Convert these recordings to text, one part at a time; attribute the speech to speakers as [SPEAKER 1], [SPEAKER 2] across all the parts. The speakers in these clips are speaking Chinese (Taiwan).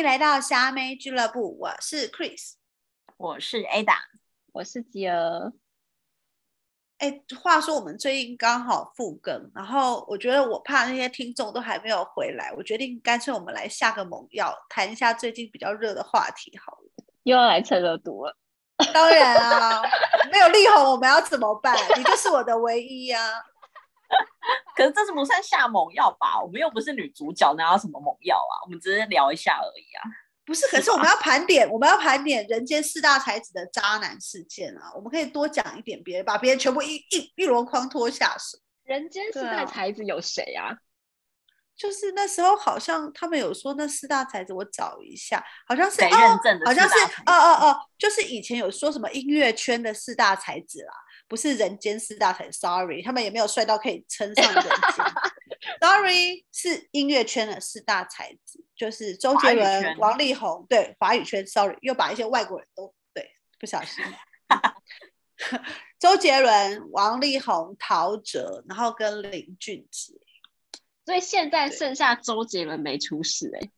[SPEAKER 1] 歡迎來到蝦妹俱樂部，我是 Chris，我是 Ada，我是吉兒。哎，話說我們最近剛好復更，然後我覺得我怕那些聽眾都還沒有回來，我決定乾脆我們來下個猛藥，談一下最近比較熱的話題好
[SPEAKER 2] 了。又要來蹭熱度了，當然
[SPEAKER 1] 啊， 沒有力宏，我們要怎麼辦？你就是我的唯一呀、啊。 可是這是不算
[SPEAKER 3] 下猛藥吧？我們又不是女主角，哪有什麼猛藥啊？我們只是聊一下而已啊。
[SPEAKER 1] 不是，是嗎？可是我們要盤點，我們要盤點人間四大才子的渣男事件啊。我們可以多講一點別，別把別人全部一一一籮筐拖下水。人間四大才子有誰啊？啊？就是那時候好像他們有說那四大才子，我找一下，好像是誰、哦、好像是哦哦哦，就是以前有說什麼音樂圈的四大才子啊。不是人間四大才，sorry，他們也沒有帥到可以稱上人間。 sorry，是音樂圈的四大才子，就是周杰倫、王力宏。對，華語圈，sorry，又把一些外國人都對不小心。 周杰倫、王力宏、陶喆，然後跟林俊傑。所以現在剩下周杰倫沒出事、欸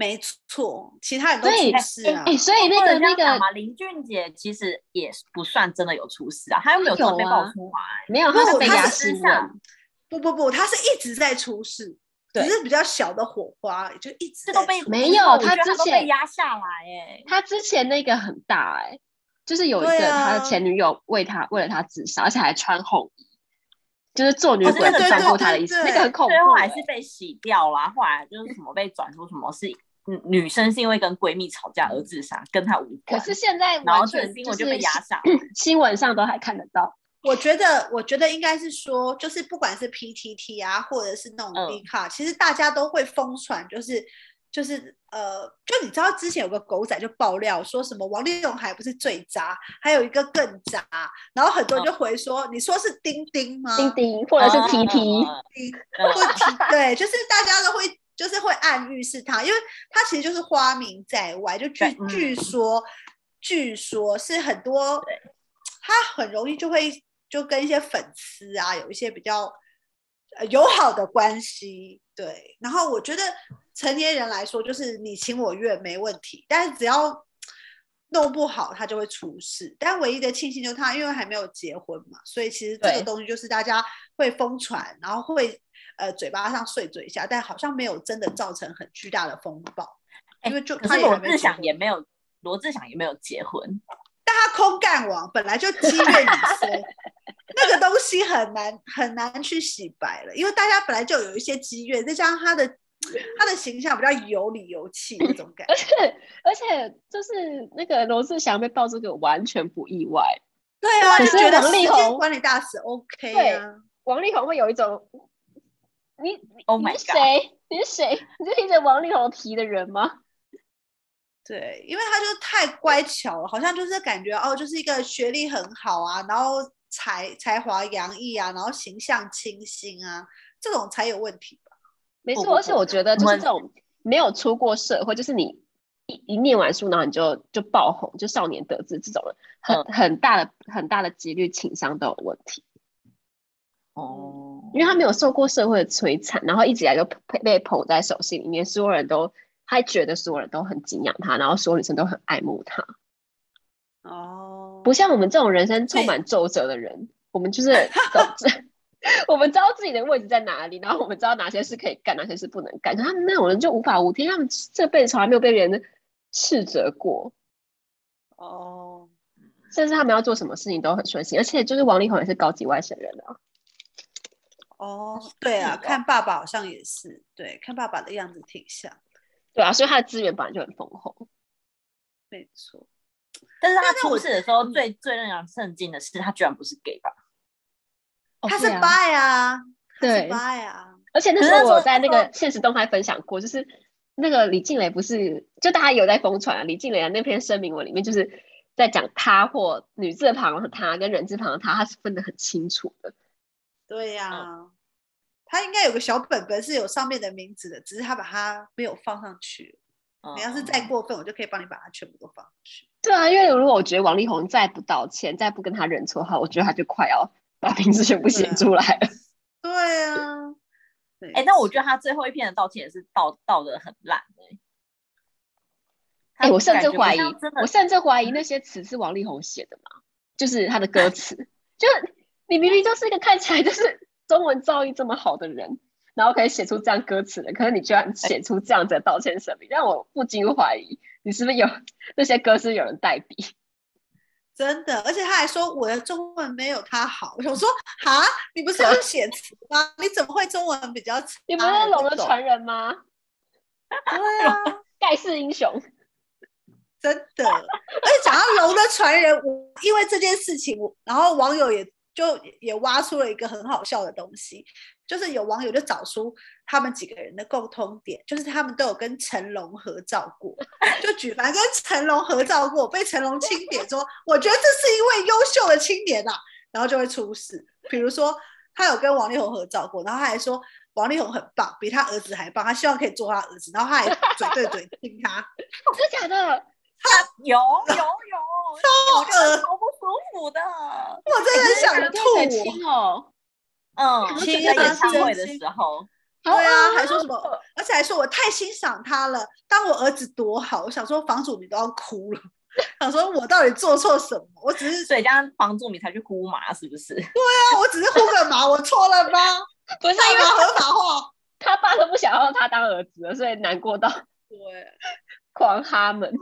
[SPEAKER 3] 沒錯，其他人都出事啊。所以那個那個林俊杰其實也不算真的有出事啊，他又沒有正面爆出
[SPEAKER 1] 來。沒有，他是被壓下來。不不不，他是一直在出事，只是比較小的火花，就一直都被沒有。他之前被壓
[SPEAKER 2] 下來哎，他之前那個很大哎，就是有一個他的前女友為他為了他自殺，而且還穿紅衣，就是做女鬼撞過他的意思，那個很
[SPEAKER 3] 恐怖。最後還是被洗掉了，後來就是什麼被轉出什麼事。嗯，女生是因為跟閨蜜吵架而自殺，跟她無關。可是
[SPEAKER 1] 現在完全新聞就被壓上，就
[SPEAKER 2] 是、新聞上
[SPEAKER 3] 都
[SPEAKER 1] 還看得到。我覺得，我覺得應該是說，就是不管是 P T T 啊，或者是那種哈，嗯、其實大家都會瘋傳、就是，就是就是呃，就你知道之前有個狗仔就爆料說什麼王力宏還不是最渣，還有一個更渣，然後很多人就回說，嗯、你說是丁丁嗎？丁丁，或者是 P T T，對，就是大家都會，就是會。暗喻是他，因為他其實就是花名在外，就據對據說，嗯、據說是很多，對他很容易就會就跟一些粉絲啊有一些比較友好的關係。對，然後我覺得成年人來說就是你情我願沒問題，但是只要弄不好他就會出事。但唯一的慶幸就是他因為還沒有結婚嘛，所以其實這個東西就是大家會瘋傳，對然後會。呃，嘴巴上碎嘴下，但好像沒有真的造成很巨大的風暴，欸、因為就羅志祥
[SPEAKER 3] 也沒有，羅志祥也沒有結婚，
[SPEAKER 1] 但他空干王本來就積怨很深， 那個東西很難很難去洗白了，因為大家本來就有一些積怨，再加上他的他的形象比較有理有氣那種感覺，
[SPEAKER 2] 而且、嗯、而且就是那個羅志祥被爆出這個完全不意外，對啊，你
[SPEAKER 1] 覺得王力宏時間管理大師 OK 啊？王力宏會有一種。你，你，你是誰？Oh、你是誰？你是跟着王力宏提的人嗎？對，因為他就太乖巧了，好像就是感覺哦，就是一個學歷很好啊，然後才才華洋溢啊，然後形象清新啊，這種才有問題吧？沒錯，而且我覺得就是這種
[SPEAKER 2] 沒有出過社會，嗯、就是你一一念完書，然後你就就爆紅，就少年得志這種人，很、嗯、很大的很大的幾率情商都有問題。哦。Oh. 因為他沒有受過社會的摧殘，然後一直以來都被捧在手心裡面，所有人都他覺得所有人都很敬仰他，然後所有女生都很愛慕他。哦，oh. 不像我們這種人生充滿皺褶的人，Hey. 我們就是 我們知道自己的位置在哪裡，然後我們知道哪些事可以幹，哪些事不能幹。可是他們那種人就無法無天，他們這輩子從來沒有被別人斥責過。哦，oh. 甚至他們要做什麼事情都很順心，而且就是王力宏也是高級外省人啊。
[SPEAKER 1] 哦，對啊，啊看爸爸好像也是，對，看爸爸的樣子挺像，對啊，所以他的資源本來就很豐厚，沒錯
[SPEAKER 3] 錯。但是他出事的時候，最最讓人震驚的是，他居然不是 gay 吧？
[SPEAKER 1] 哦啊、他是 bi 啊，對 bi
[SPEAKER 2] 啊。對而且那時候我在那個限時動態分享過，是就是那個李靜蕾不是，就大家有在瘋傳啊。李靜蕾、啊、那篇聲明文裡面，就是在講他或女字旁的他跟人字旁的他，他是分得很清楚的。
[SPEAKER 1] 對呀、啊，嗯、他應該有個小本本是有上面的名字的，只是他把它沒有放上去。你要、嗯、是再過分，我就可以幫你把它全部都放
[SPEAKER 2] 上去。對啊，因為如果我覺得王力宏再不道歉、再不跟他認錯的話，我覺得他就快要把名字全部寫出來了。
[SPEAKER 1] 對啊，
[SPEAKER 3] 哎，那我覺得他最後一篇的道歉也是道道得很、欸、的很爛
[SPEAKER 2] 的。哎、欸，我甚至懷疑，我甚至懷疑那些詞是王力宏寫的嘛，嗯、就是他的歌詞，難就你明明就是一個看起來就是中文造詣這麼好的人，然後可以寫出這樣歌詞的，可是你居然寫出這樣子的道歉聲明，讓我不禁懷疑你是不是有那些歌是，是有人代筆？
[SPEAKER 1] 真的，而且他還說我的中文沒有他好。我想說，哈，你不是要寫詞嗎？ 你怎麼會中文比較？你不是龍的傳人嗎？ 對啊，蓋世英雄，真的。而且講到龍的傳人， 我因為這件事情，然後網友也。就也挖出了一個很好笑的東西，就是有網友就找出他們幾個人的共通點，就是他們都有跟成龍合照過，就舉凡跟成龍合照過，被成龍欽點說，我覺得這是一位優秀的青年吶、啊，然後就會出事。比如說他有跟王力宏合照過，然後他還說王力宏很棒，比他兒子還棒，他希望可以做他兒子，然後他還嘴對嘴親他。真的假
[SPEAKER 3] 的？有有他有，有。噁心不舒服，服
[SPEAKER 1] 的，我真的想吐
[SPEAKER 3] 哦。嗯，聽一個演唱會的時
[SPEAKER 1] 候，對啊，還說什麼？哦、而且還說我太欣賞他了，當我兒子多好。我想說房祖名都要哭了，想說我到底做錯什麼？我只是所家房祖名才去哭嘛，是不是？對啊，我只是哭個麻，我錯了嗎？ 不是，要合法化，
[SPEAKER 2] 他爸都不想要他當兒子了，所以難過到對狂哈們。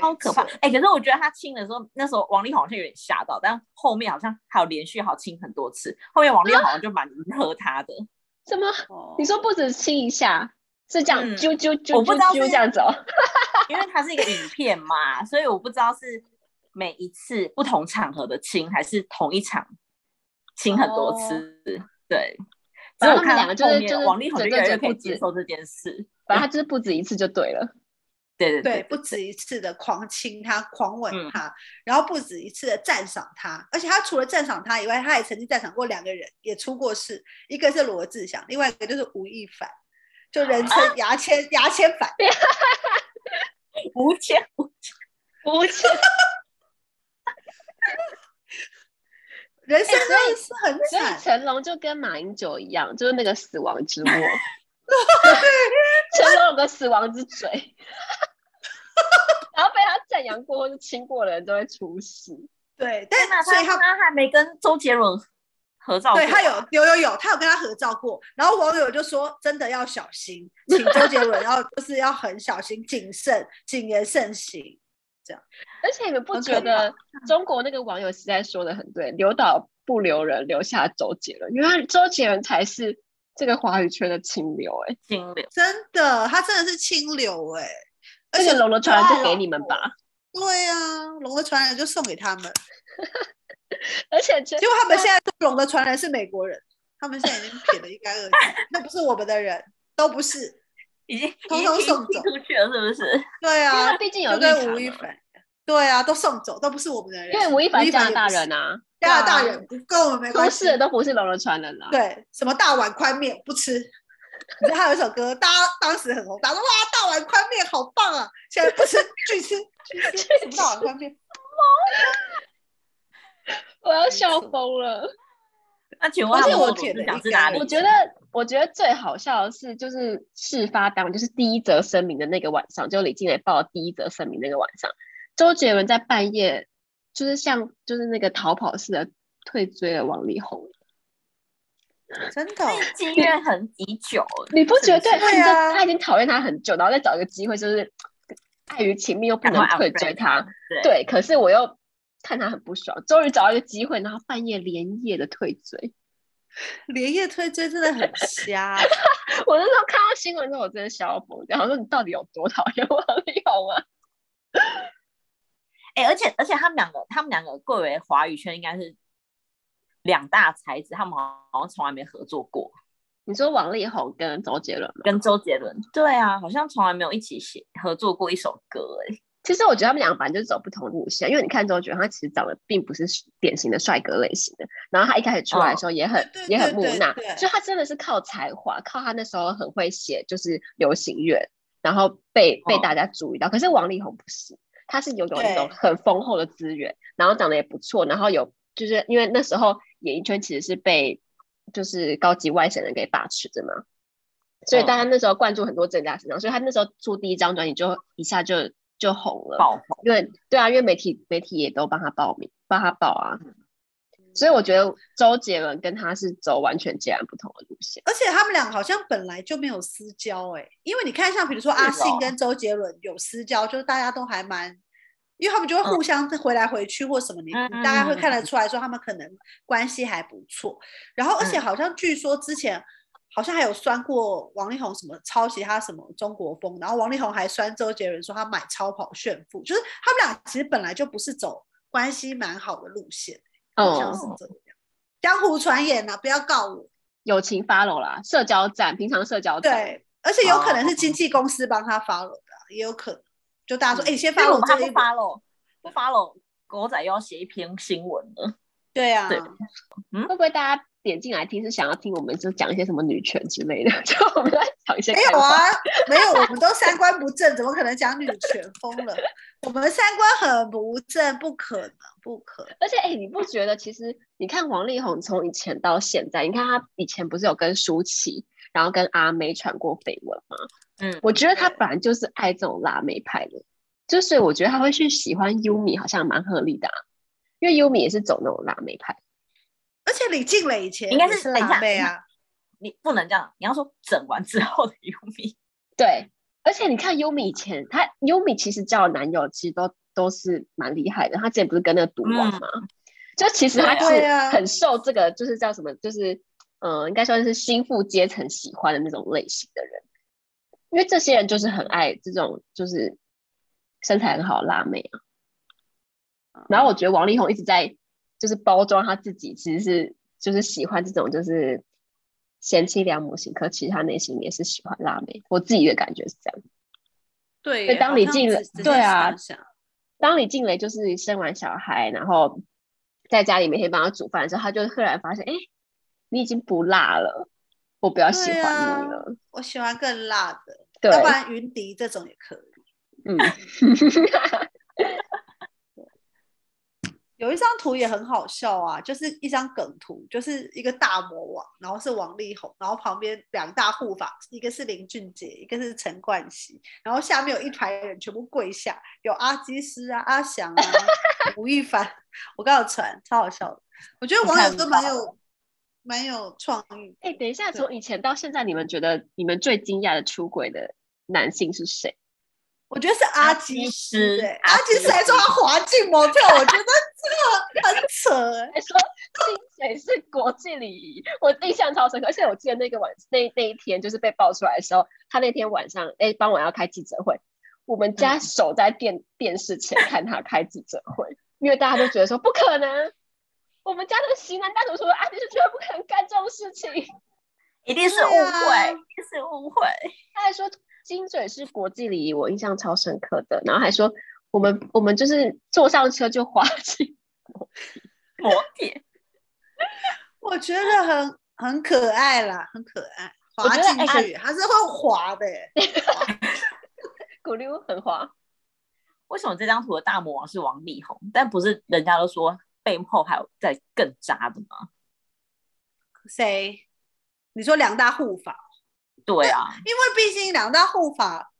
[SPEAKER 2] 超可
[SPEAKER 3] 怕哎錯、欸！可是我覺得他親的時候，那時候王力宏好像有點嚇到，但後面好像還有連續好親很多次。後面王力宏好像就蠻迎合他的，
[SPEAKER 2] 啊、什麼？哦、你說不止親一下，是這樣啾啾啾啾啾這樣子？我不知道。哈
[SPEAKER 3] 哈因為它是一個影片嘛， 所以我不知道是每一次不同場合的親，還是同一場親很多次。哦、對，所以我看到後面王力宏就越來越可以接受這件事，嗯、
[SPEAKER 1] 反正他就是不止一次就對了。對對，對，對，對，對不止一次的狂親他，狂吻他，嗯、然後不止一次的讚賞他。而且他除了讚賞他以外，他也曾經讚賞過兩個人，也出過事。一個是羅志祥，另外一個就是吳亦凡，就人稱牙“啊、牙籤牙籤凡”，吳籤吳籤吳籤，
[SPEAKER 2] 人生真的、欸、是很慘。所以成龍就跟馬英九一樣，就是那個死亡之墓。 成龍 有個死亡之嘴，
[SPEAKER 1] 然後被他讚揚過或者親過的人都會出事。對，但是但他以他他還沒跟周杰倫合照過對。對他有有有有，他有跟他合照過。然後網友就說：“真的要小心請周杰倫，要 就是要很小心謹慎，謹言慎行。”這樣。 而且你們不覺得
[SPEAKER 2] 中國那個網友實在說的很對？留島不留人，留下周杰倫，因為周杰倫才是。這個華語圈的清流，欸，哎，
[SPEAKER 1] 清流，真的，他真的是清流，欸，
[SPEAKER 2] 哎是，而且龍的傳人就給你們吧，
[SPEAKER 1] 對呀，啊，龍的傳人就送給他們， 而且，結果他們現在龍的傳人是美國人， 他們現在已經撇得一乾二淨， 那不是我們的人都不是，已經統統送走
[SPEAKER 3] 出去了，是不
[SPEAKER 1] 是？對啊，畢竟有跟吳亦凡。對啊，都送走，都不是我們的人。因為吳亦凡加拿大人吶，加拿大人不夠我們沒關係。都是都不是龍的傳人啦。對，什麼大碗寬麵不吃？你知道他有一首歌，大家當時很紅，打的哇，大碗寬麵好棒啊！現在不吃去吃去吃什麼
[SPEAKER 2] 大碗寬麵？我要笑瘋了。而且我其實我覺得我覺得最好笑的是，就是事發當就是第一則聲明的那個晚上，就李靚蕾報第一則聲明那個晚上。周杰倫在半夜就是，像就是那個逃跑似的退追了王力宏，
[SPEAKER 1] 真的 積怨很
[SPEAKER 2] 已久，你不覺得、啊、他已經他已經討厭他很久，然後再找一個機會，就是礙於情面又不能退追他，對，可是我又看他很不爽，終於對找到一個機會，然後半夜連夜的退追，連夜退追真的很瞎。 我那時候看到新聞的時候，我真的笑瘋，然後說，你到底有多討厭王力宏啊？
[SPEAKER 3] 哎、欸，而且而且他們兩個，他們兩個貴為華語圈應該
[SPEAKER 1] 是
[SPEAKER 3] 兩大才子，他們好像從來沒合作過。你說王力宏跟周杰倫嗎？跟周杰倫，對啊，好像從來沒有一起寫合作過一首
[SPEAKER 2] 歌，欸。哎，其實我覺得他們兩個反正就是走不同路線，因為你看周杰倫，他其實長得並不是典型的帥哥類型的，然後他一開始出來的時候也很、哦、也很木訥，對對對對，所以他真的是靠才華，靠他那時候很會寫就是流行樂，然後被被大家注意到。哦，可是王力宏不是。他是有有一種很豐厚的資源，對然後長得也不錯，然後有就是因為那時候演藝圈其實是被就是高級外省人給把持着嘛，哦、所以大家那時候灌注很多正價思想，所以他那時候出第一張專輯就一下就就紅了，爆紅，因為對啊，因為媒體媒體也都幫他報名，幫他報啊。所以我覺得周杰倫跟他是走完全截然不同的路線，
[SPEAKER 1] 而且他們倆好像本來就沒有私交誒、欸。因為你看像比如說阿信跟周杰倫有私交，是哦、就是大家都還蠻，因為他們就會互相回來回去、哦、或什麼你，你大家會看得出來說他們可能關係還不錯。嗯、然後而且好像據說之前好像還有酸過王力宏什麼抄襲他什麼中國風，然後王力宏還酸周杰倫說他買超跑炫富，就是他們倆其實本來就不是走關係蠻好的路線。哦，江湖傳言呢、啊，不要告我。友情 follow 啦，社交展，平常社交站。對，而且有可能是經紀公司幫他 follow 的，oh. 也有可能。就大家說，哎、欸，你先 follow，他都
[SPEAKER 3] follow，不 follow？Fo 狗仔又要寫一篇新聞了。
[SPEAKER 2] 對啊。對吧。嗯。會不會大家，點進來聽是想要聽我們就講一些什麼女權之類的，就我們來講一些。沒有啊，沒有，我們都三
[SPEAKER 1] 觀不正， 怎麼可能講女權風了？我們三觀很不正，不可能，不可能。而且，哎、欸，你不覺得其實
[SPEAKER 2] 你看王力宏從以前到現在，你看他以前不是有跟舒淇，然後跟阿妹傳過緋聞嗎？嗯，我覺得他本來就是愛這種辣妹派的，就所以我覺得他會去喜歡 Yumi、嗯，好像蠻合理的、啊，因為 Yumi 也是走那種辣妹派。
[SPEAKER 1] 而且李靚蕾以前應該是，是辣妹啊，你不能這樣，
[SPEAKER 3] 你要說整完之後的 Yumi。
[SPEAKER 2] 對，而且你看 Yumi 以前，她 Yumi 其實交男友其實都都是蠻厲害的，她之前不是跟那個賭王嘛，嗯、就其實她就是很受這個就是叫什麼，就是，啊、嗯，應該算是新富階層喜歡的那種類型的人，因為這些人就是很愛這種就是身材很好的辣妹啊。然後我覺得王力宏一直在。就是包裝他自己，其實是就是喜歡這種就是賢妻良母型，可其實他內心也是喜歡辣妹。我自己的感覺是這樣。對耶，當李靚蕾，想想對啊，當李靚蕾就是生完小孩，然後在家裡可以幫他煮飯的時候，他就突然發現，哎、欸，你已經不辣了，我比較喜歡你了，啊。
[SPEAKER 1] 我喜歡更辣的，對，要不然雲迪這種也可
[SPEAKER 2] 以。 嗯。
[SPEAKER 1] 有一張圖也很好笑啊，就是一張梗圖，就是一個大魔王，然後是王力宏，然後旁邊兩大護法，一個是林俊傑，一個是陳冠希，然後下面有一排人全部跪下，有阿基師啊、阿翔啊、吳 亦凡。我剛有傳超好笑的。 我覺得網友都蠻，看蠻有蠻有創意。哎、欸，等一下，從以前到現
[SPEAKER 2] 在，對你們覺得你們最驚訝的出軌的男性是誰？
[SPEAKER 1] 我覺得是阿基師，哎，對阿基師還說他滑進摩鐵， 我覺得。這
[SPEAKER 2] 個很扯，還說親嘴是國際禮儀，我印象超深刻。而且我記得那個晚那一那一天，就是被爆出來的時候，他那天晚上哎，傍晚、欸、我要開記者會，我們家守在電電視前看他開記者會，嗯、因為大家都覺得說不可能，我們家的型男大廚說啊，你、就是絕對不可能幹這種事情，
[SPEAKER 1] 一定是誤會，啊、一定
[SPEAKER 2] 是誤會。他還說親嘴是國際禮儀，我印象超深刻的，然後還說。我們我們就是坐上車就滑去，
[SPEAKER 1] 我覺得很很可愛啦，很可愛。滑進去還、哎、是會滑
[SPEAKER 2] 的，狗 溜，很滑。
[SPEAKER 3] 為什麼這張圖的大魔王是王力宏？但不是人家都說背後還有
[SPEAKER 1] 在更渣的嗎？誰？你說兩大護法？
[SPEAKER 3] 對啊，
[SPEAKER 1] 因為畢竟兩大護法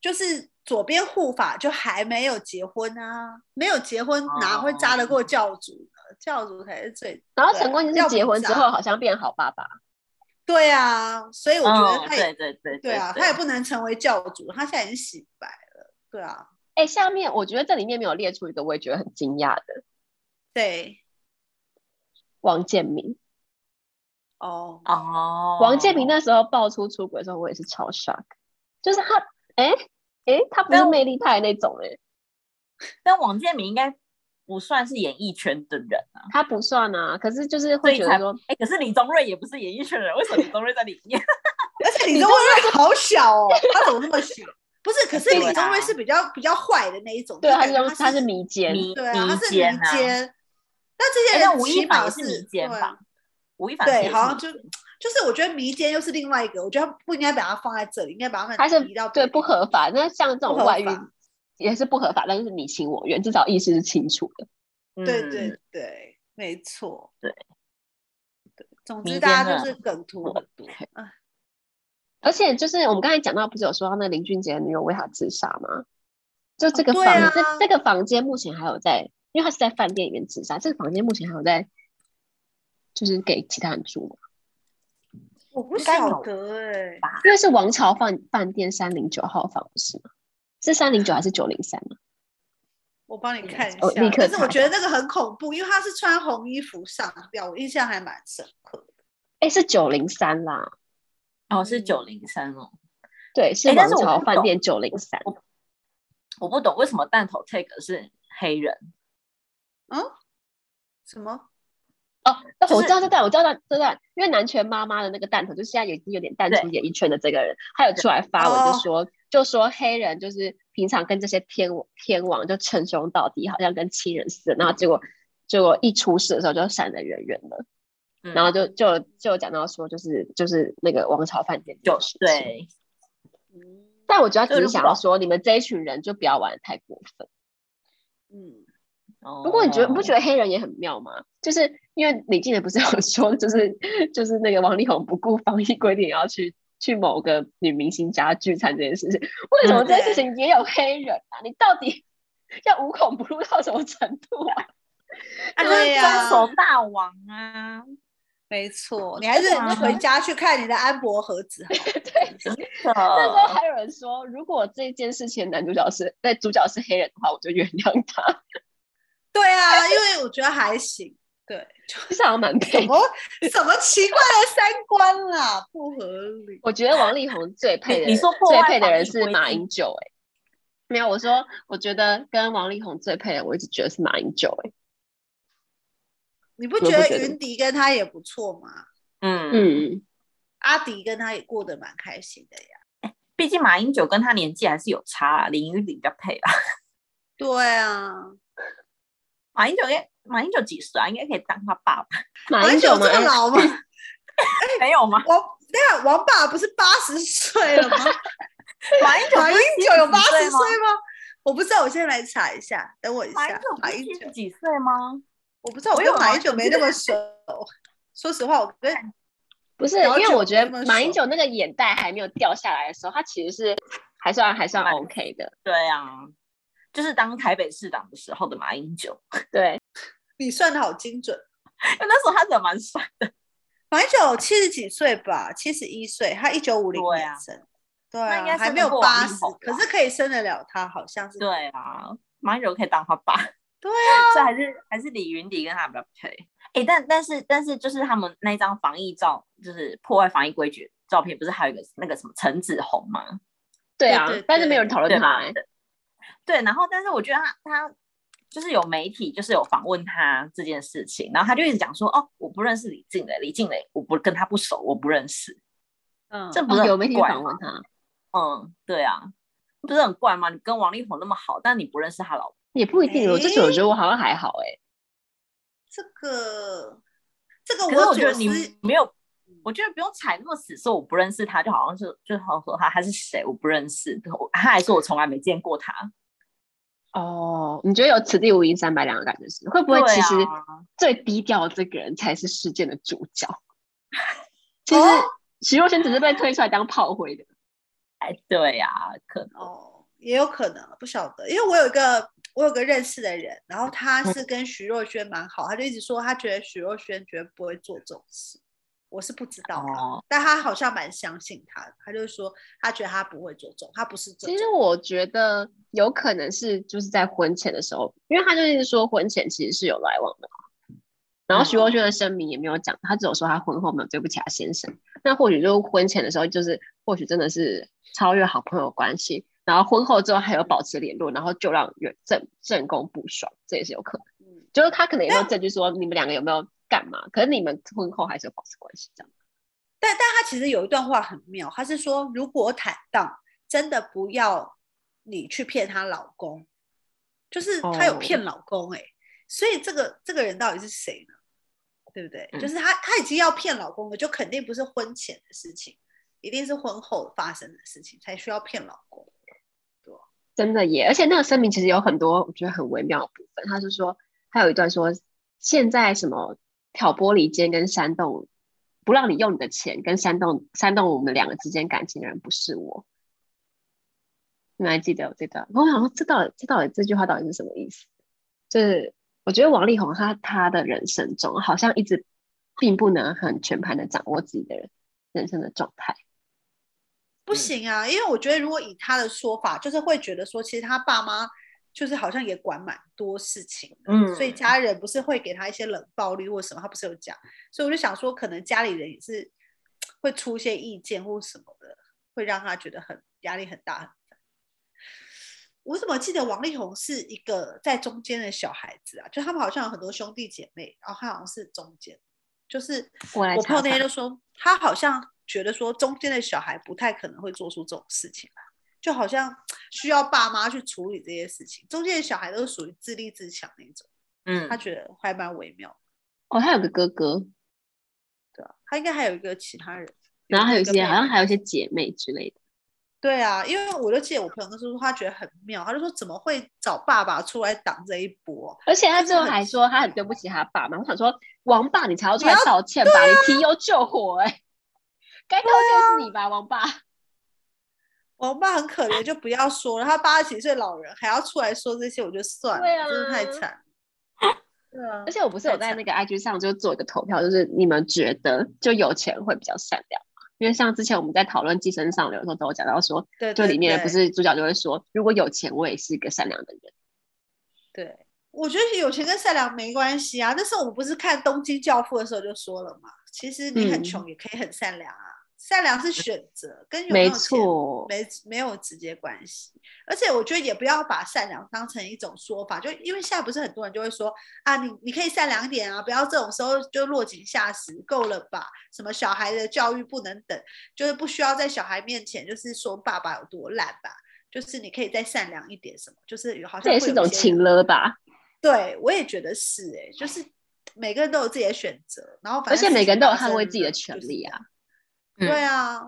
[SPEAKER 1] 就是。左邊護法就還沒有結婚啊，沒有結婚哪會扎得過教主呢？Oh. 教主才是最然後陳冠希就是結婚之後好像變好爸爸，對啊，所以我覺得他也、oh, 對對啊，他也不能成為教主，他現在已經洗白了，
[SPEAKER 2] 對啊。哎，下面我覺得這裡面沒有列出一個我也覺得很驚訝的，對，王建民哦哦
[SPEAKER 1] ，oh. oh. 王
[SPEAKER 2] 建民那時候爆出出軌之後，我也是超 shock 就是他哎。哎，他不是魅力派那種哎，
[SPEAKER 3] 但王建民應該不算是演藝圈的人
[SPEAKER 2] 啊，他不算啊。可是就是會覺得說，哎，可是李
[SPEAKER 3] 宗瑞也不是演藝圈人，
[SPEAKER 2] 為什麼李宗瑞在裡面？而且李宗瑞好小哦，他怎麼那麼小？不是，可是李宗瑞
[SPEAKER 1] 是比較比較壞的那一種，對，他是他是迷姦，對，他是迷姦。那這些，吳亦凡也是迷姦吧？吳亦凡，對，好像就。就是我覺得迷姦又是另外一個，我覺得他不應該把它放在這裡，應該把他放。他是比較對不合法。那像這種外遇
[SPEAKER 2] 也是不合法，合法但就是你情我願，至少意識是清楚的。對對對，嗯、
[SPEAKER 1] 沒錯，對，總之大家就是梗圖
[SPEAKER 2] 很多。哎、而且就是我們剛才講到，不是有說到那林俊傑的女友為他自殺嗎？就這個房，這、哦啊、這個房間目前還有在，因為他是在飯店裡面自殺，這個房間目前還有在，就是給其他人住嘛。我不曉得哎，因為是王朝飯飯店三零九號房是，是嗎？是三零九還是九零三嗎？我幫
[SPEAKER 1] 你看一下，可、嗯、是我覺得那個很恐怖，因為他是穿紅衣服上吊，我印象還蠻深
[SPEAKER 2] 刻的。哎、欸，是九零三啦，哦，是九零三哦，
[SPEAKER 1] 對，是王朝飯店
[SPEAKER 2] 九零三。
[SPEAKER 1] 我
[SPEAKER 2] 不懂為什麼彈頭 Take 是黑人？啊、嗯？
[SPEAKER 1] 什麼？
[SPEAKER 2] 哦，那、就是、我知道這段，我知道這段，因為南拳媽媽的那個彈頭，就現在已經有點淡出演藝圈的這個人，對還有出來發文就說，哦、就說黑人就是平常跟這些天天王就稱兄道弟，好像跟親人似的，然後結果、嗯、結果一出事的時候就閃得遠遠的，然後就就就講到說，就是就是那個王朝飯店就是對，但我主要只是想要說，你們這一群人就不要玩的太過分，嗯。哦、不過你覺得不覺得黑人也很妙嗎？哦、就是因為你記得不是有說，就是就是那個王力宏不顧防疫規定要去去某個女明星家聚餐這件事情，為什麼這件事情也有黑人啊？嗯、你
[SPEAKER 1] 到底要無孔不入到什麼程度啊？對呀、啊，大王啊，啊沒錯錯，你還是回家去看你的安博盒子。 對，哦、
[SPEAKER 2] 那時候還有人說，如果這件事情男主角是在主
[SPEAKER 1] 角是黑人的話，我就
[SPEAKER 2] 原諒他。
[SPEAKER 1] 對啊，因為我覺得還行，對，長得蠻配。什麼什麼奇怪的三觀啦，不合
[SPEAKER 2] 理。我覺得王力宏最配的，你說最配的人是馬英九？哎，沒有，我說我覺得跟王力宏最配的，我一直覺得是馬英九。哎，
[SPEAKER 1] 你不覺得雲迪跟他也不錯
[SPEAKER 2] 嗎？
[SPEAKER 1] 嗯嗯，阿迪跟他也過得蠻開心的呀。
[SPEAKER 3] 畢竟馬英九跟他年紀還是有差，林俊傑比較配啊。
[SPEAKER 1] 對啊。馬英九應該，馬英九幾歲啊？應該可以當他爸爸。馬英九這麼老嗎？ 沒有嗎？欸、王那個王爸不是八十歲了嗎？ 馬英九馬英九有八十歲嗎？ 我不知道，我現在來查一下，等我一下。馬英九幾歲嗎？ 我不知道，我對馬英九沒那麼熟。 說實話，我跟，不是因為我覺得馬英九那個
[SPEAKER 2] 眼袋還沒有掉下來的時候，他其實是還算還算 OK 的。
[SPEAKER 3] 對呀、啊。
[SPEAKER 1] 就是當台北市長的時候的馬英九，對，你算的好精準，那時候他怎麼蠻帥的。馬英九七十幾歲吧，七十一歲，他一九五零年生，對，還沒有八十，可是可以生得了他，好像是。對
[SPEAKER 3] 啊，馬英九可以當他爸。對啊，這還是還是李雲迪跟他比較配。哎、欸，但但是但是，但是就是他們那一張防疫照，就是破壞防疫規矩照片，不是還有一個那個什麼陳子鴻嗎？
[SPEAKER 2] 對啊，但
[SPEAKER 3] 是沒有人討論他、欸。對，然後但是我覺得他他就是有媒體就是有訪問他這件事情，然後他就一直講說哦，我不認識李靜蕾，李靜蕾我不跟他不熟，我不認識。嗯，這不是有媒體訪問他。嗯，嗯，對啊，不是很怪嗎？你跟王力宏那麼好，但你不認識他老婆？
[SPEAKER 2] 也不一定。欸、我這次我覺得我好像還好誒、欸
[SPEAKER 1] 這個。這個這個，我覺得你
[SPEAKER 3] 沒有，我覺得不用踩那麼死，說我不認識他，就好像是就，就好像說他他是誰，我不認識。他還說我從來沒見過他。
[SPEAKER 2] 哦，oh, 你覺得有“此地無銀三百兩”的感覺是？會不會其實最低調的這個人才是事件的主角？啊、其實徐若瑄只是被推
[SPEAKER 1] 出來當炮灰的。
[SPEAKER 2] 哎，對呀、啊，可能。
[SPEAKER 1] 也有可能，不曉得。因為我有一個我有個認識的人，然後他是跟徐若瑄蠻好，他就一直說他覺得徐若瑄絕不會做這種事。我是不知道，哦、但他好像蠻相信他，他就是說他覺得他不會做重，他不是重。其
[SPEAKER 2] 實我覺得有可能是就是在婚前的時候，因為他就是說婚前其實是有來往的嘛。然後徐若瑄的聲明也沒有講，他只有說他婚後沒有對不起他、啊、先生。那或許就婚前的時候，就是或許真的是超越好朋友關係，然後婚後之後還有保持聯絡，然後就讓正、正宮不爽，這也是有可能。就是他可能也有，有證據說你們兩個有沒
[SPEAKER 1] 有、哎？幹嘛？可是你們婚後還是有保持關係這樣？但但他其實有一段話很妙，他是說如果坦蕩，真的不要你去騙他老公，就是他有騙老公哎、欸，哦、所以這個這個人到底是誰呢？對不對？嗯、就是他他已經要騙老公了，就肯定不是婚前的事情，一定是婚後發生的事情才需要騙老公。
[SPEAKER 2] 對，對真的耶。而且那個聲明其實有很多我覺得很微妙的部分。他是說，他有一段說現在什麼。挑撥離間跟煽動，不讓你用你的錢跟，跟煽動煽動我們兩個之間感情的人不是我。你還記得有記得我好像知道了，知道了，這句話到底是什麼意思？就是我覺得王力宏他他的人生中好像一直並不能很全盤的掌握自己的人人生的狀態。
[SPEAKER 1] 不行啊，因為我覺得如果以他的說法，就是會覺得說，其實他爸媽。就是好像也管蠻多事情，嗯，所以家人不是會給他一些冷暴力或什麼，他不是有講，所以我就想說，可能家裡人也是會出些意見或什麼的，會讓他覺得很壓力很大。很煩。我怎麼記得王力宏是一個在中間的小孩子啊？就他們好像有很多兄弟姐妹，然後他好像是中間，就是我朋友那天就說，他好像覺得說中間的小孩不太可能會做出這種事情了啊，就好像。需要爸媽去處理這些事情，中間的小孩都是屬於自立自強那種，嗯，他覺得還蠻微妙。
[SPEAKER 2] 哦，他有個哥哥，
[SPEAKER 1] 對啊，他應該還有一個其他人，然後還有一些，有一個妹妹好像還有
[SPEAKER 2] 一些姐妹之類的。
[SPEAKER 1] 對啊，因為我就記得我朋友那時候，他覺得很妙，他就說怎麼會找爸爸出來擋這一波？
[SPEAKER 2] 而且他最後還
[SPEAKER 1] 說他很對不起他爸媽。我想說，
[SPEAKER 2] 王爸你才要出來道歉吧？你提油、啊、救火哎、欸，
[SPEAKER 1] 該道歉就是你吧，啊、王爸。我爸很可憐，就不要說了。他八十幾歲老人還要出來說這些，我就算了，啊、真的太慘。對啊，而且我不是有在那個 IG
[SPEAKER 2] 上就做一個投票，就是你們覺得就有錢會比較善良。因為像之前我們在討論《寄生上流》的時候，都有講到說，對對對，就裡面不是主角就會說，如果有錢，我也是一個善良的人。
[SPEAKER 1] 對，我覺得有錢跟善良沒關係啊。但是我們不是看《東京教父》的時候就說了嘛？其實你很窮也可以很善良啊。嗯善良是選擇，跟有沒有錢沒錯沒，沒有直接關係。而且我覺得也不要把善良當成一種說法，就因為現在不是很多人就會說啊，你你可以善良一點啊，不要這種時候就落井下石，夠了吧？什麼小孩的教育不能等，就是不需要在小孩面前就是說爸爸有多爛吧？就是你可以再善良一點，什麼就是好像不這也是一種情勒吧？對，我也覺得是哎、欸，就是每個人都有自己的選擇，然後反正而且每個人都有捍衛自己的權利啊。嗯、對啊，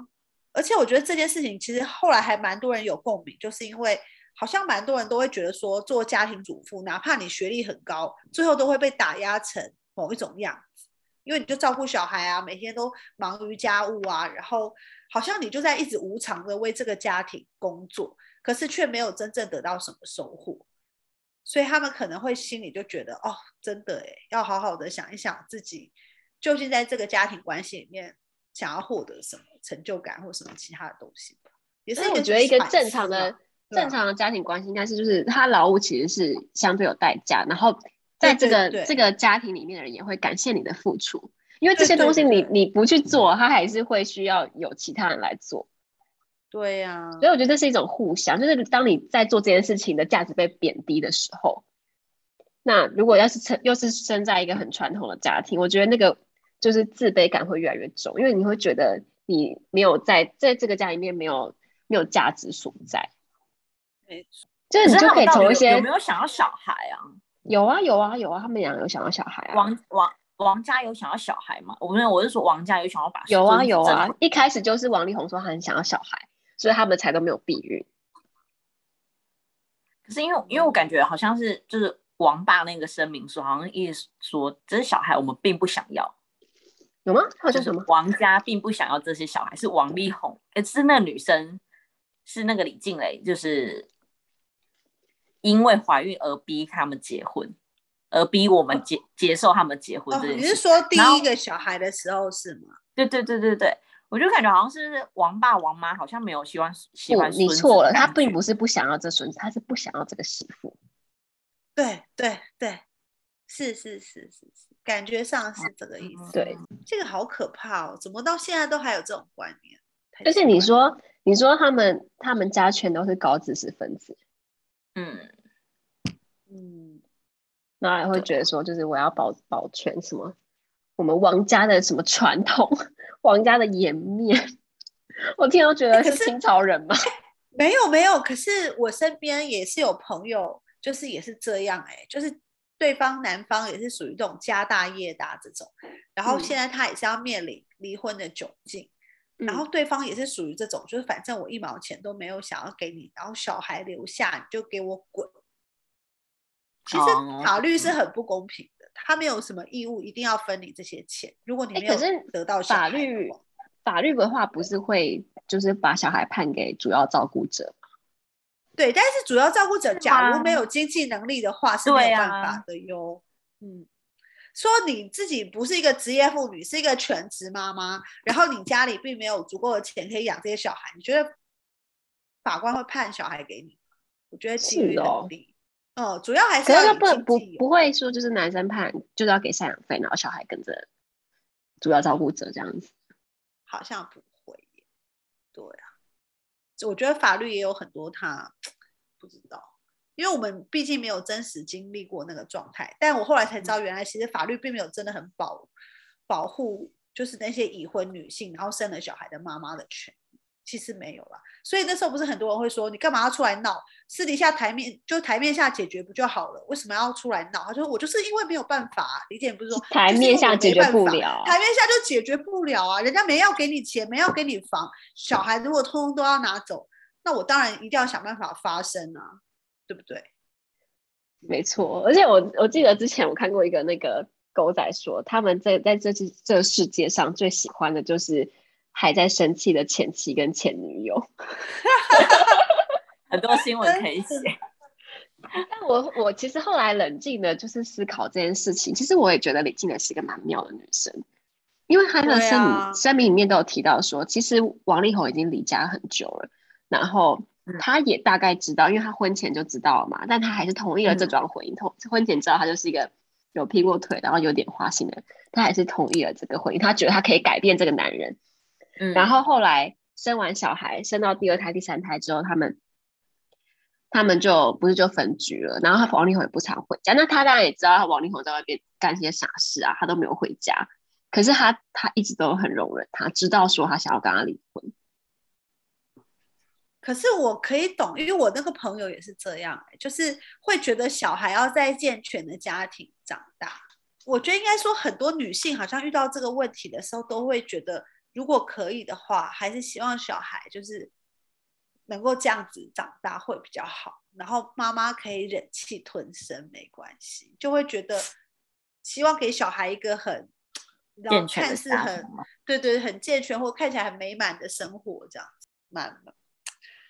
[SPEAKER 1] 而且我覺得這件事情其實後來還蠻多人有共鳴，就是因為好像蠻多人都會覺得說，做家庭主婦，哪怕你學歷很高，最後都會被打壓成某一種樣子，因為你就照顧小孩啊，每天都忙於家務啊，然後好像你就在一直無償的為這個家庭工作，可是卻沒有真正得到什麼收穫，所以他們可能會心裡就覺得，哦，真的誒，要好好的想一想自己究竟在這個家庭關係裡面，想要獲得什麼成就感，或什麼其他的東西，所以、啊、我覺得一個正常的、啊、正常的家庭
[SPEAKER 2] 關係，應該是，就是他勞務其實是相對有代價，然後
[SPEAKER 1] 在這個對對對，這個
[SPEAKER 2] 家庭裡面的人也會感謝你的付出，因為這些東西你對對對，你不去做，他還是會需要有其他人來做。
[SPEAKER 1] 對呀、啊，所
[SPEAKER 2] 以我覺得這是一種互相，就是當你在做這件事情的價值被貶低的時候，那如果要是成，又是生在一個很傳統的家庭，嗯、我覺得那個。就是自卑感會越來越重，因為你會覺得你沒有在在這個家裡面沒有沒有價值所在。對錯，這你就可以從一些我有，有沒有
[SPEAKER 3] 想要小孩
[SPEAKER 2] 啊？有啊有啊有啊，他們倆有想要小孩啊？王王王家有想要小孩嗎？我沒有，我是說王家有想要把有啊有啊，有啊好一開始就是王力宏說他很想要小孩，所以他們才都沒有避孕。可是因為
[SPEAKER 3] 因為我感覺好像是就是王爸那個聲明說好像意思說，只是小孩我們並不想要。有嗎？好像什麼？是王家並不想要這些小孩，是王力宏，哎對、欸，是那個女生，是那個李靜蕾，就是因為懷孕而逼他們結婚，而逼我們接、哦、接受他們結婚、哦、你是
[SPEAKER 1] 說第一個小孩的時候是嗎？對對對對對，我就感覺好像是王
[SPEAKER 3] 爸王媽好像沒有喜歡不喜歡孫子。你錯了，他
[SPEAKER 2] 並不是不想要這孫子，他是不想要這個媳婦。
[SPEAKER 1] 對對對，是是是是是。是是是感覺上是這個意思。啊、嗯、對，這個好可怕哦！怎麼到現在都還有這種觀念？而且
[SPEAKER 2] 你說，你說他們他們家全都是高知識分子，嗯嗯，那、嗯嗯、然後還會覺得說，就是我要保保全什麼對我們王家的什麼傳統，王家的顏面。我
[SPEAKER 1] 聽我覺得是清朝人嗎？欸欸、沒有沒有，可是我身邊也是有朋友，就是也是這樣哎、欸，就是。對方男方也是屬於這種家大業大這種，
[SPEAKER 2] 然後現在
[SPEAKER 1] 他也是要面臨離婚的窘境，嗯、然後對方也是屬於這種，就是反正我一毛錢都沒有想要給你，然後小孩留下你就給我滾。其
[SPEAKER 2] 實法律
[SPEAKER 1] 是很不公平的，他、嗯、沒有什麼義務一定要分你這些錢。如果你沒有得到法律法律的話，法律文化不是會
[SPEAKER 2] 就是把小孩判給主要照顧者？
[SPEAKER 1] 對，但是主要照顧者假如沒有經濟能力的話，嗯、是沒有辦法的喲。啊、嗯，說你自己不是一個職業婦女，是一個全職媽媽，然後你家裡並沒有足夠的錢可以養這些小孩，你覺得法官會判小孩給你嗎？我覺得是哦。哦、嗯，主要還是要，可是不不不，不
[SPEAKER 2] 會說就是男生判就是要給贍養費，然後小孩跟着主要照顧者這樣子。
[SPEAKER 1] 好像不會。對啊。我覺得法律也有很多他不知道，因為我們畢竟沒有真實經歷過那個狀態。但我後來才知道，原來其實法律並沒有真的很保保護，就是那些已婚女性然後生了小孩的媽媽的權。其實沒有啦，所以那時候不是很多人會說你幹嘛要出來鬧？私底下台面就台面下解決不就好了？為什麼要出來鬧？他說我就是因為沒有辦法、啊，李健不是說是台面下解決不了、啊，台面下就解決不了啊！人家沒要給你錢，沒要給你房，小孩子如果通通都要拿走，那我當然一定要想辦法發聲啊，對不對？
[SPEAKER 2] 沒錯，而且我我記得之前我看過一個那個狗仔說，他們在在這次這個、世界上最喜歡的就是。還在生氣的前妻跟前女友， 很多新聞可以寫。 但我我其實後來冷靜的，就是思考這件事情。其實我也覺得李靚蕾是個蠻妙的女生，因為她的聲明聲明裡面都有提到說，其實王力宏已經離家很久了，然後他也大概知道，嗯、因為他婚前就知道了嘛。但他還是同意了這樁婚姻。同、嗯、婚前知道他就是一個有劈過腿，然後有點花心的人，他還是同意了這個婚姻。他覺得他可以改變這個男人。嗯，然後後來生完小孩，生到第二胎、第三胎之後，他們他們就不是就分居了。然後他王力宏也不常回家，那他當然也知道王力宏在外邊幹些傻事啊，他都沒有回家。可是他他一直都很容忍他，知道說他想要跟他離婚。
[SPEAKER 1] 可是我可以懂，因為我那個朋友也是這樣，就是會覺得小孩要在健全的家庭長大。我覺得應該說，很多女性好像遇到這個問題的時候，都會覺得。如果可以的話，還是希望小孩就是能夠這樣子長大會比較好。然後媽媽可以忍氣吞聲，沒關係，就會覺得希望給小孩一個很，
[SPEAKER 2] 健全看似很，
[SPEAKER 1] 對對，很健全或看起來很美滿的生活，這樣子，慢慢。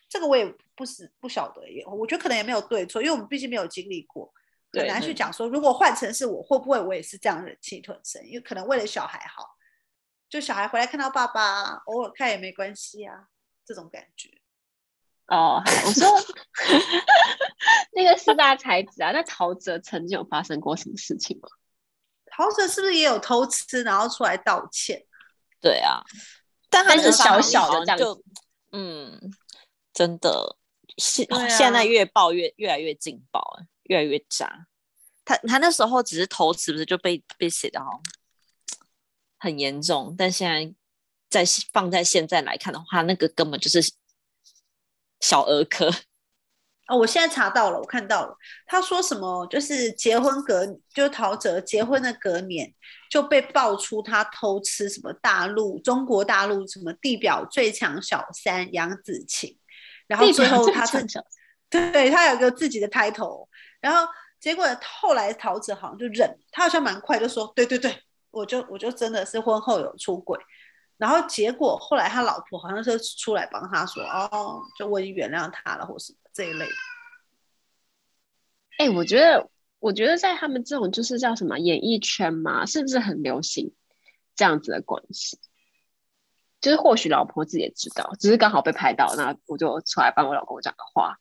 [SPEAKER 1] 這個我也不是不曉得，也我覺得可能也沒有對錯，因為我們畢竟沒有經歷過，很難去講說對如果換成是我，會不會我也是這樣忍氣吞聲？因為可能為了小孩好。就小孩回來看到爸爸、啊，偶爾看也沒關係啊，這種感覺。哦，我說 那個四
[SPEAKER 2] 大才子啊。那陶喆曾經有發生過什麼事情嗎？
[SPEAKER 1] 陶喆是不是也有偷吃，然後出來道歉？
[SPEAKER 2] 對啊，
[SPEAKER 1] 但還是小小
[SPEAKER 3] 的 這樣就嗯，真的，現、啊哦、現在越爆越越來越勁爆，越來越渣。越來越他他那時候只是偷吃，不是就被被寫很嚴重，但現在在放在現在來看的話，那個根本就是小兒科。
[SPEAKER 1] 哦，我現在查到了，我看到了，他說什麼就是結婚隔就是，陶喆結婚的隔年就被爆出他偷吃什麼大陸，中國大陸什麼地表最強小三楊子晴，然後最後他是，對，他有個自己的 title，然後結果後來陶喆好像就忍，他好像蠻快就說對對對。我就我就真的是婚後有出軌，然後結果後來他老婆好像是出來幫他說，哦，就我已經原諒他了，或是這一類
[SPEAKER 2] 的。哎、欸，我覺得我覺得在他們這種就是叫什麼演藝圈嘛，是不是很流行這樣子的關係？就是或許老婆自己也知道，只是剛好被拍到，那我就出來幫我老公講個話。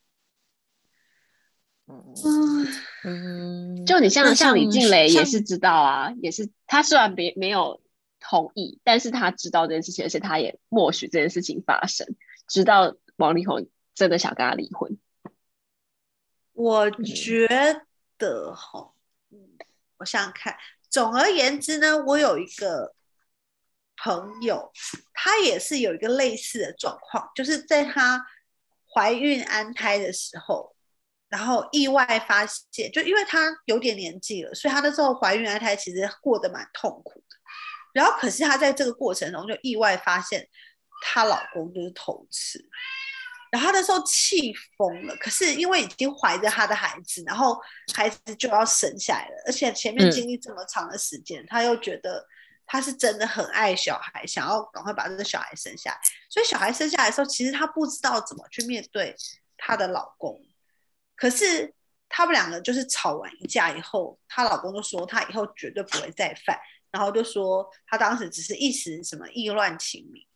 [SPEAKER 1] 嗯，就你像像李靚蕾也是
[SPEAKER 2] 知道啊，也是她雖然沒沒有同意，但是她知道這件事情，而且他也默許這件事情發生，直到王力宏真的想跟她離婚。
[SPEAKER 1] 我覺得哈，嗯，哦、我想想看，總而言之呢，我有一個朋友，他也是有一個類似的狀況，就是在他懷孕安胎的時候。然後意外發現，就因為她有點年紀了，所以她那時候懷孕二胎其實過得蠻痛苦的。然後可是她在這個過程中就意外發現，她老公就是偷吃，然後她那時候氣瘋了，可是因為已經懷着她的孩子，然後孩子就要生下來了，而且前面經歷這麼長的時間，她、嗯、又覺得她是真的很愛小孩，想要趕快把這個小孩生下來。所以小孩生下來的時候，其實她不知道怎麼去面對她的老公。可是他們兩個就是吵完一架以後，她老公就說她以後絕對不會再犯，然後就說她當時只是一時什麼意亂情迷，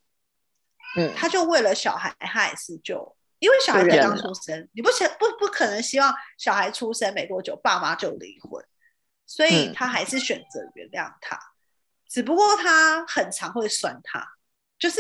[SPEAKER 1] 嗯，他就為了小孩，他也是就因為小孩才剛出生，你不不不可能希望小孩出生沒多久爸媽就離婚，所以他還是選擇原諒他，嗯、只不過他很常會酸他，就是。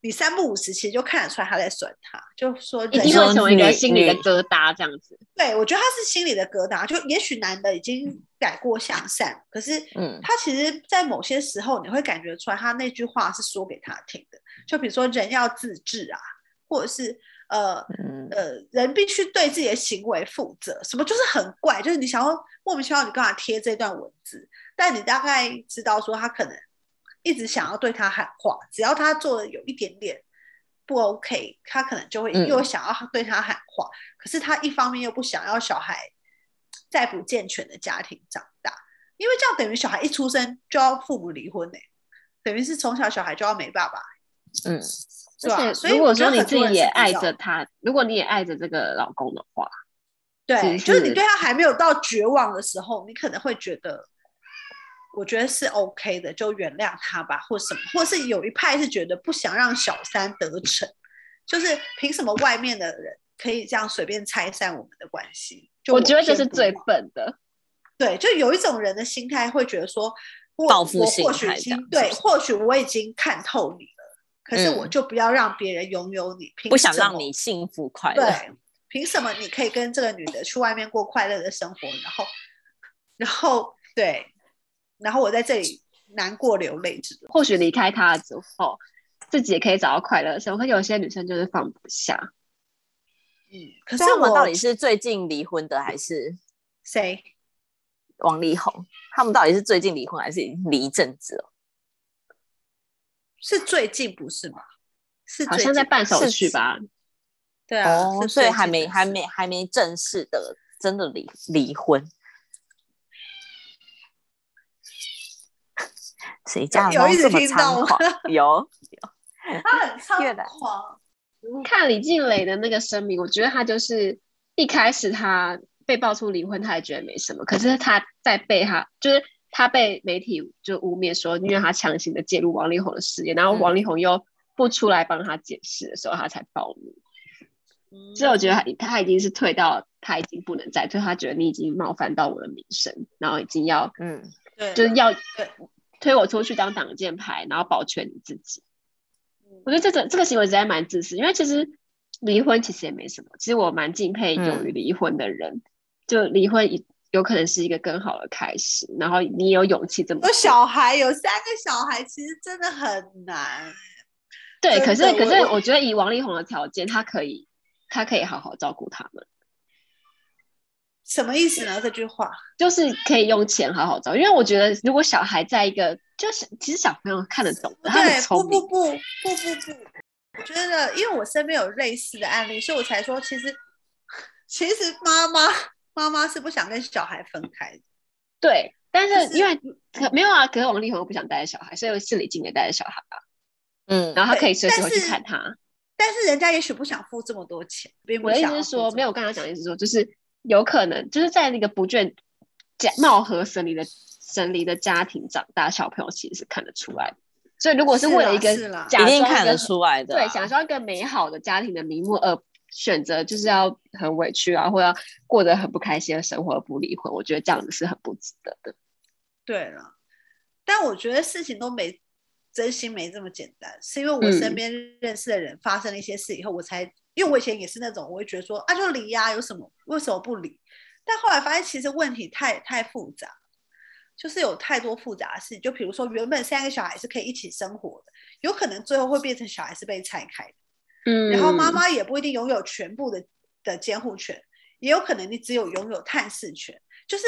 [SPEAKER 1] 你三不五時其實就看得出來他在損他，就說，人要說，是你說什麼一個心裡的疙
[SPEAKER 2] 瘩這樣子。
[SPEAKER 1] 對，我覺得他是心裡的疙瘩，就也許男的已經改過向善，嗯、可是，嗯，他其實，在某些時候你會感覺出來，他那句話是說給他聽的。就比如說人要自知啊，或者是呃、嗯、呃，人必須對自己的行為負責，什麼就是很怪，就是你想要莫名其妙你幹嘛貼這段文字，但你大概知道說他可能。一直想要對他喊話，只要他做的有一點點不 OK，他可能就會又想要對他喊話。嗯、可是他一方面又不想要小孩在不健全的家庭長大，因為這樣等於小孩一出生就要父母離婚呢、欸，等於是從小小孩就要沒爸爸、欸。嗯，
[SPEAKER 2] 是吧？而且，如果說你自己也愛着他，
[SPEAKER 1] 如果你也愛着這個老公的話，對，繼續，就是你對他還沒有到絕望的時候，你可能會覺得。我覺得是 OK 的，就原諒他吧，或什麼，或是有一派是覺得不想讓小三得逞，就是憑什麼外面的人可以這樣隨便拆散我們的關係？就我，我覺得這是最笨的。對，就有一種人的心態會覺得說，報復心態。對，或許我已經看透你了，可是我就不要讓別人擁有你。我、嗯、不想讓你
[SPEAKER 3] 幸福快樂。對，
[SPEAKER 1] 憑什麼你可以跟這個女的去外面過快樂的生活，然後，然後對。然後我在這裡難過流淚，或許離開他之後，自己也可以找到快樂的時候。是我發現
[SPEAKER 2] 有些女生就是放不下。嗯，可是我們到底是最近離婚的還
[SPEAKER 3] 是誰？王力宏他們到底是最近離婚還是離一陣子？
[SPEAKER 1] 是最近不是嗎？是好像在辦手續
[SPEAKER 3] 吧？對啊，哦，所以還沒、還沒、還沒正式的，真的離離婚。誰家
[SPEAKER 1] 老公這麼猖狂？我有一直聽到我
[SPEAKER 2] 有， 他很猖狂。看李靚蕾的那個聲明，我覺得他就是一開始他被爆出離婚，他也覺得沒什麼。可是他在被他就是他被媒體就污衊說，嗯、因為他強行的介入王力宏的事業，然後王力宏又不出來幫他解釋的時候，他才暴怒。嗯、所以我覺得他他已經是退到他已經不能再退，就他覺得你已經冒犯到我的名聲，然後已經要嗯，就是要。推我出去當擋箭牌，然後保全你自己。我覺得這個這個行為實在蠻自私，因為其實離婚其實也沒什麼。其實我蠻敬佩勇於離婚的人，嗯、就離婚有可能是一個更好的開始。然後你有勇氣這麼做。有小
[SPEAKER 1] 孩，有三個小孩，其實真的很難。
[SPEAKER 2] 對，可是可是我覺得以王力宏的條件，他可以他可以好好照顧他們。什麼
[SPEAKER 1] 意思呢？這句話
[SPEAKER 2] 就是可以用錢好好找。因為我覺得如果小孩在一個，就是其實小朋友看得懂，他很聰明。
[SPEAKER 1] 對，不不不不不不，就是、就我覺得，因為我身邊有類似的案例，所以我才說其，其實其實媽媽媽媽是不想跟小孩分開的。
[SPEAKER 2] 對，但是因為、就是、可沒有啊，可是王力宏不想帶着小孩，所以我是李靚蕾帶着小孩啊。嗯，
[SPEAKER 1] 然後他可以隨時去看他但。但是人家也許不想付這麼多錢。多錢我的意思是
[SPEAKER 2] 說，沒有，我剛才講的意思說就是。有可能就是在那個不倦，假貌合神離的神離的家庭長大，小朋友其實是看得出來的。所以如果是為了一個假裝，一個，看得出來的、啊。對，享受一個美好的家庭的名目而選擇，就是要很委屈啊，或要過得很不開心的生活而不離婚，我覺得這樣子是很不值得的。
[SPEAKER 1] 對了，但我覺得事情都沒真心沒這麼簡單，是因為我身邊認識的人、嗯、發生了一些事以後，我才。因為我以前也是那種，我會覺得說啊，就離呀、啊，有什麼為什麼不離？但後來發現其實問題太太複雜，就是有太多複雜的事。就比如說，原本三個小孩是可以一起生活的，有可能最後會變成小孩是被拆開的。
[SPEAKER 2] 嗯。然後媽媽
[SPEAKER 1] 也不一定擁有全部的的監護權，也有可能你只有擁有探視權。就是，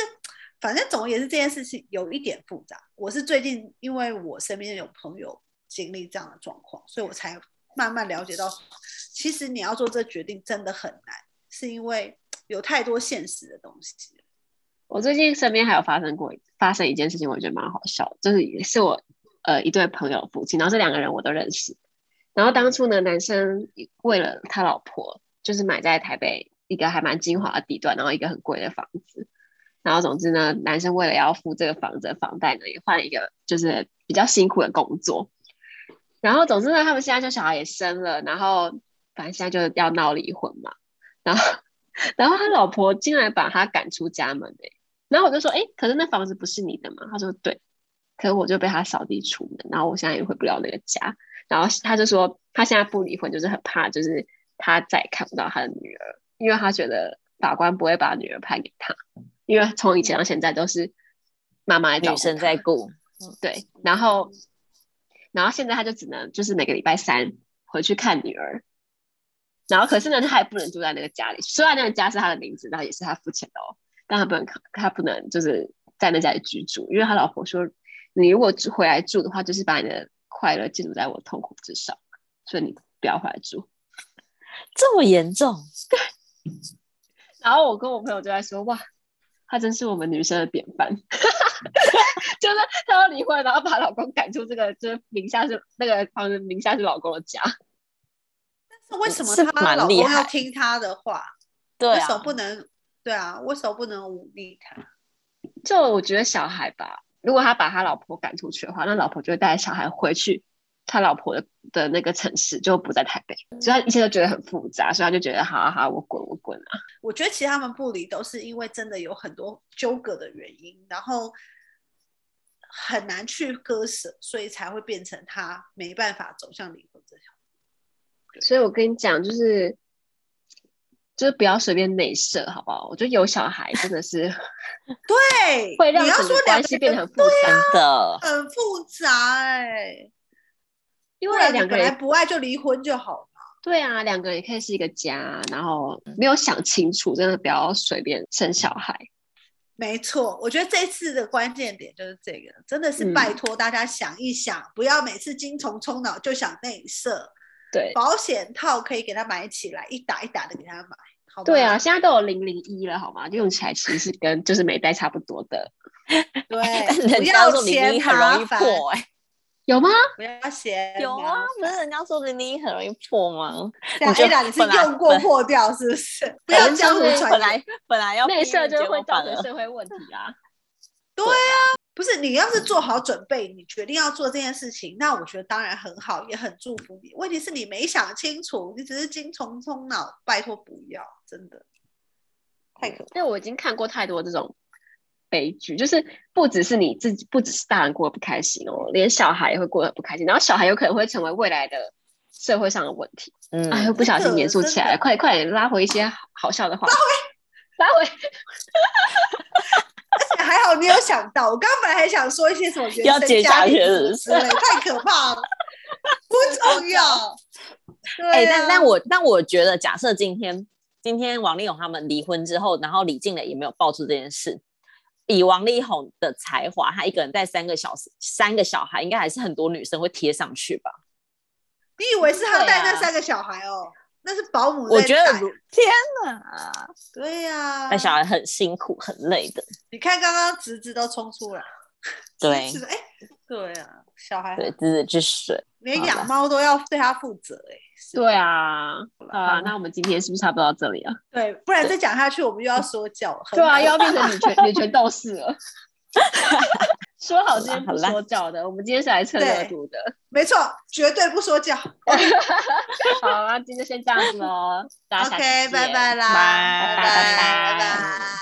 [SPEAKER 1] 反正總也是這件事情有一點複雜。我是最近因為我身邊有朋友經歷這樣的狀況，所以我才。慢慢了解到，其實你要做這決定真的很難，是因為有太多現實的東
[SPEAKER 2] 西。我最近身邊還有發生過發生一件事情，我覺得蠻好笑，就是也是我呃一對朋友的夫妻，然後這兩個人我都認識。然後當初呢，男生為了他老婆，就是買在台北一個還蠻精華的地段，然後一個很貴的房子。然後總之呢，男生為了要付這個房子的房貸呢，也換一個就是比較辛苦的工作。然後，總之呢，他們現在就小孩也生了，然後反正現在就要鬧離婚嘛。然後，然後他老婆竟然把他趕出家門誒。然後我就說：“哎，可是那房子不是你的嘛。”他說：“對。”可是我就被他掃地出門。然後我現在也回不了那個家。然後他就說：“他現在不離婚，就是很怕，就是他再也看不到他的女兒，因為他覺得法官不會把女兒判給他，因為從以前到現在都是媽媽女生在顧。”嗯對，然後。然後現在他就只能就是每個禮拜三回去看女兒，然後可是呢，他也不能住在那個家裡，雖然那個家是他的名字，然後也是他父親的哦，但他不能，他不能就是在那家裡居住，因為他老婆說，你如果回來住的話，就是把你的快樂建築在我痛苦之上，所以你不要回來住，這麼嚴重。對， 然後我跟我朋友就在說哇。她真是我們女生的典範，就是她要離婚，然後把
[SPEAKER 1] 老公趕出這個，就是名下是那個房子名下是老公的家。但是為什麼她老婆要聽她的話？對啊，我手不能？
[SPEAKER 2] 對啊，對啊，我手不能武力他？就我覺得小孩吧，如果他把他老婆趕出去的話，那老婆就會帶小孩回去。他老婆的、的那個城市就不在台北，所以他一切都覺得很複雜，所以他就覺得好、啊、好好、啊，我滾，我滾啊！
[SPEAKER 1] 我覺得其實他們不離都是因為真的有很多糾葛的原因，然後很難去割捨，所以才會變成他沒辦法走向離婚這條路。所以我
[SPEAKER 2] 跟你講、就是，就是就是不要隨便內射，好不好？我覺得有小孩真的是
[SPEAKER 1] 對，你要關
[SPEAKER 2] 係變得很複雜的，對啊、
[SPEAKER 1] 很複雜、欸。因為兩個人不愛就離婚就好了。
[SPEAKER 2] 對啊，兩個人也可以是一個家，然後沒有想清楚，真的不要隨便生小
[SPEAKER 1] 孩。沒錯，我覺得這次的關鍵點就是這個，真的是拜托大家想一想，嗯、不要每次精蟲衝腦就想內射。對，保險套可以給他買起來，一打一打的給他買。好對啊，
[SPEAKER 2] 現在都有零零一了，好嗎？用起來其實是跟就是沒帶差不多的。
[SPEAKER 1] 對，不要錢很容易破哎、
[SPEAKER 2] 欸。有
[SPEAKER 3] 嗎？
[SPEAKER 1] 不要閒。
[SPEAKER 3] 有啊，娘
[SPEAKER 1] 不是人家說的，你很容易破嗎？我跟や你，你是用過破掉，來是不是？來不要江湖傳來，本來內射
[SPEAKER 2] 就
[SPEAKER 1] 會造成社會問題啊。對啊，不是你要是做好準備，你決定要做這件事情，那我覺得當然很好，也很祝福你。問題是你沒想清楚，你只是精蟲衝腦，拜托不要，真的太可惜。因為我已經看過太多這種。
[SPEAKER 2] 悲劇就是不只是你自己，不只是大人過得不開心哦，連小孩也會過得不開心。然後小孩有可能會成為未來的社會上的問題。嗯，哎、啊，不小心嚴肅起來了，的快點快點拉回一些好笑的話，拉回
[SPEAKER 1] 拉回。拉回而且還好你有想到， 我剛剛本來還想說一些什麼，要解下一些，太可怕了， 不重要。對、啊，欸，但但
[SPEAKER 3] 我但我覺得，假設今天今天王力宏他們離婚之後，然後李靜蕾也沒有爆出這件事。以王力宏的才華，他一個人帶三個小時三個小孩，應該還是很多女生會貼上去吧？
[SPEAKER 1] 你以為是他帶那三個小孩哦？啊，那是保姆，我覺得天哪！對呀，啊，帶
[SPEAKER 3] 小孩很辛苦很累的。你
[SPEAKER 1] 看剛剛侄子都衝出來，對，哎，欸、
[SPEAKER 3] 對啊，
[SPEAKER 1] 小孩對
[SPEAKER 2] 侄子就是
[SPEAKER 1] 連養貓都要對他負責哎、欸。
[SPEAKER 2] 對啊，啊，那我們今天是不是差不多到這裡啊？
[SPEAKER 1] 對，不然再講下去，我們又要說教了。對啊，又要變成女權女權鬥士了。說好今天不說教的，我們今天是來蹭熱度的。沒錯，絕對不說教。好啊，今天先這樣子哦。OK，拜拜啦，拜拜
[SPEAKER 2] 拜拜。